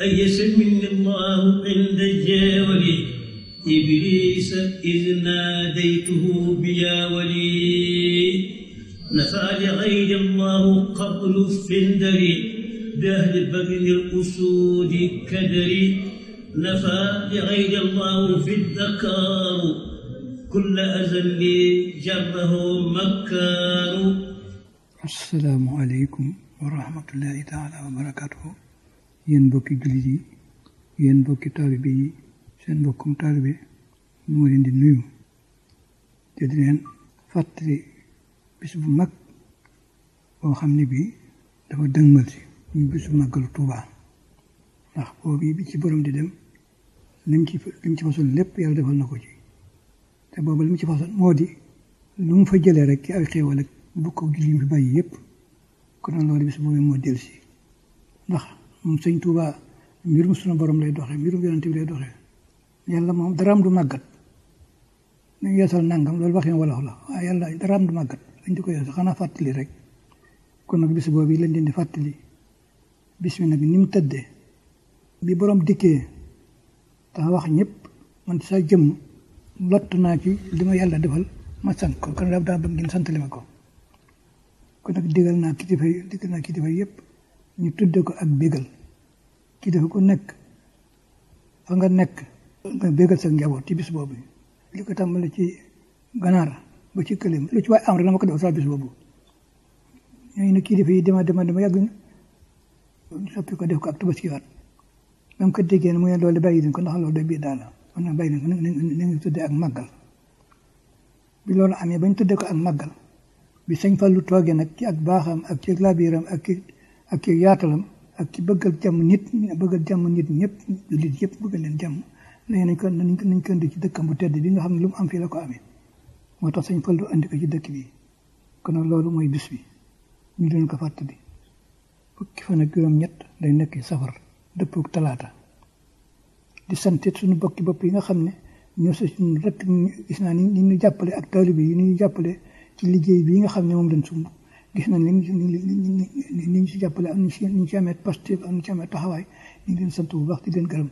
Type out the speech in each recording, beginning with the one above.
أيسر من الله عند الجاول إبليس إذ ناديته بيا ولي نفع لغير الله قبل فندري بأهل بغن الأسود كدري نفى لغير الله في الذكار كل أزل جره مكار السلام عليكم ورحمة الله تعالى وبركاته yéen mbokki jullit yi yéen mbokki taalibe yi seen mbokkum bi moo leen di nuyu te di leen fàttali bis bu mag boo xam ne bii dafa dëngmal si ñu bisu màggalu Tuubaa ndax boobu bi ci borom di dem lim ci lim ci façon lépp yàlla defal na ko ci te boobu lim ci façon moo di lu mu fa jële rek ci ay xéewal ak bu ko jullit yi fi bàyyi yëpp kon loolu bis boobu moo dellusi ndax moom sëñ Touba mbirum sunu borom lay doxee mbirum yonent bi lay doxee yàlla moom daraam du màggat ñu yeesal nangam loolu waxin wala ah, la waaye yàlla daraam du màggat dañ di ko yeesal xanaa fàttali rek kon nag bis lañ di fàttali bis bi nag ni mu tëddee bi borom dikkee tax wax ñëpp man sa jëm lott naa ci li ma defal ma sant ko kon daal bëgg ngeen sant ko kon nag digal na kilifa digal na kilifa yëpp ñu tudde ko ak ki dafa ko nekk fa nga nekk nga bégal sa njaboot ci bis boobu tam ko tàmbale ci ganaar ba ci këlim lu ci waay am rek dama ko def sa bis boobu ñooñu ne kii dafay dema dema dema yàgg na soppi ko def ko ak tabaskiwaat même que mu ne loolu bàyyi ko ndax loolu day biir daal man nag bàyyi nañ ko ni bi loolu amee bañ tuddee ko ak màggal bi sëñ Fallu toogee nag ci ak baaxam ak ci laabiram ak ci ak ak ci bëggal jàmm nit bëggal jàmm nit ñepp julit yépp bëggal leen jàmm nee nañ ko nañ ko nañ ko andi ci dëkkam bu tedd bi nga xam ne lu mu am fii la ko amee moo tax sañ fallu andi ko ci dëkk bi kon loolu mooy bis bi ñu doon ko fàttali fukki fan ak juróom ñett day nekk safar dëppug talaata di santit suñu bokki bopp yi nga xam ne ñoo sa suñu rek gis naa ni ñu jàppale ak taalibe yi ñu jàppale ci liggéey bi nga xam ne moom lañ sumb Dihna ninja pula ninja ninja met pasti ninja met taxaway ni leen sant bu baax di leen gërëm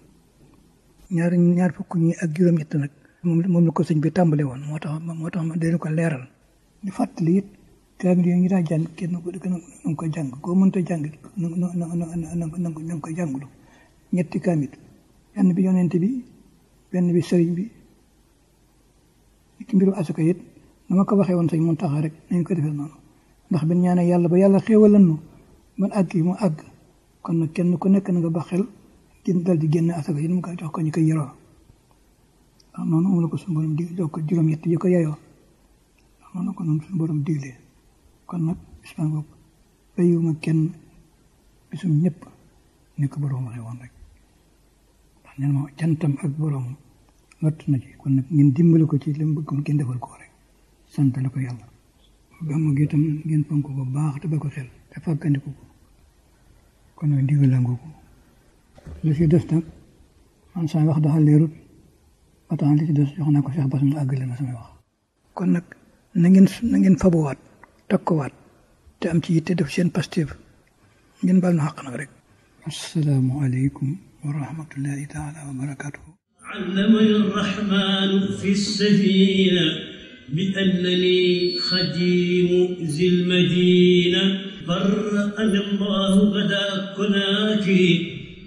ñaar ñaar fukk ñi ak juróom ñett nag moom moom la ko sëñ bi tàmbale woon moo tax moo tax ma dee ko leeral di fàttali it kaamil yooyu ñu daa jàng kenn ko dëkk na ko jàng koo mënta jàng na nga ko jàngulu ñetti kaamil benn bi yonent bi benn bi sëriñ bi ci mbiru asaka it na ma ko waxee woon sëñ mun taxa rek nañ ko defee noonu ndax bin ñaanee yàlla ba yàlla xéewalal nu man àgg yi mu àgg kon nag kenn ku nekk na nga ba xel gën dal di génn asaka yi nu mu koy jox ko ñu koy yoroo waaw noonu moom la ko suñu borom dig jox ko juróom-ñett yi ko yayoo waaw noonu la ko noonu suñu borom diglee kon nag bis ma bopp bàyyiwuma kenn bisum ñëpp ni ko borom waxee woon rek ndax nee ma cantam ak borom lott na ci kon nag ngeen dimbali ko ci li mu bëgg ngeen sant la ko yàlla. gàmmu gi itam ngeen fonk ko baax te ba ko xel te fàggandiku ko kon nag ndigal la ngoogu li ci des nag man samay wax dafa leerut ba tax li ci des jox naa ko Cheikh Bass mu àggale ma samay wax kon nag na ngeen na ngeen fabuwaat takkuwaat te am ci yitte def seen pastéef ngeen baal na xaq nag rek assalaamu aleykum wa rahmatullahi taala wa barakatuhu allama arrahmanu fi safina بأنني خديم ذي المدينة برأني الله غدا كناك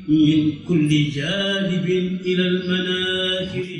من كل جانب إلى المناكب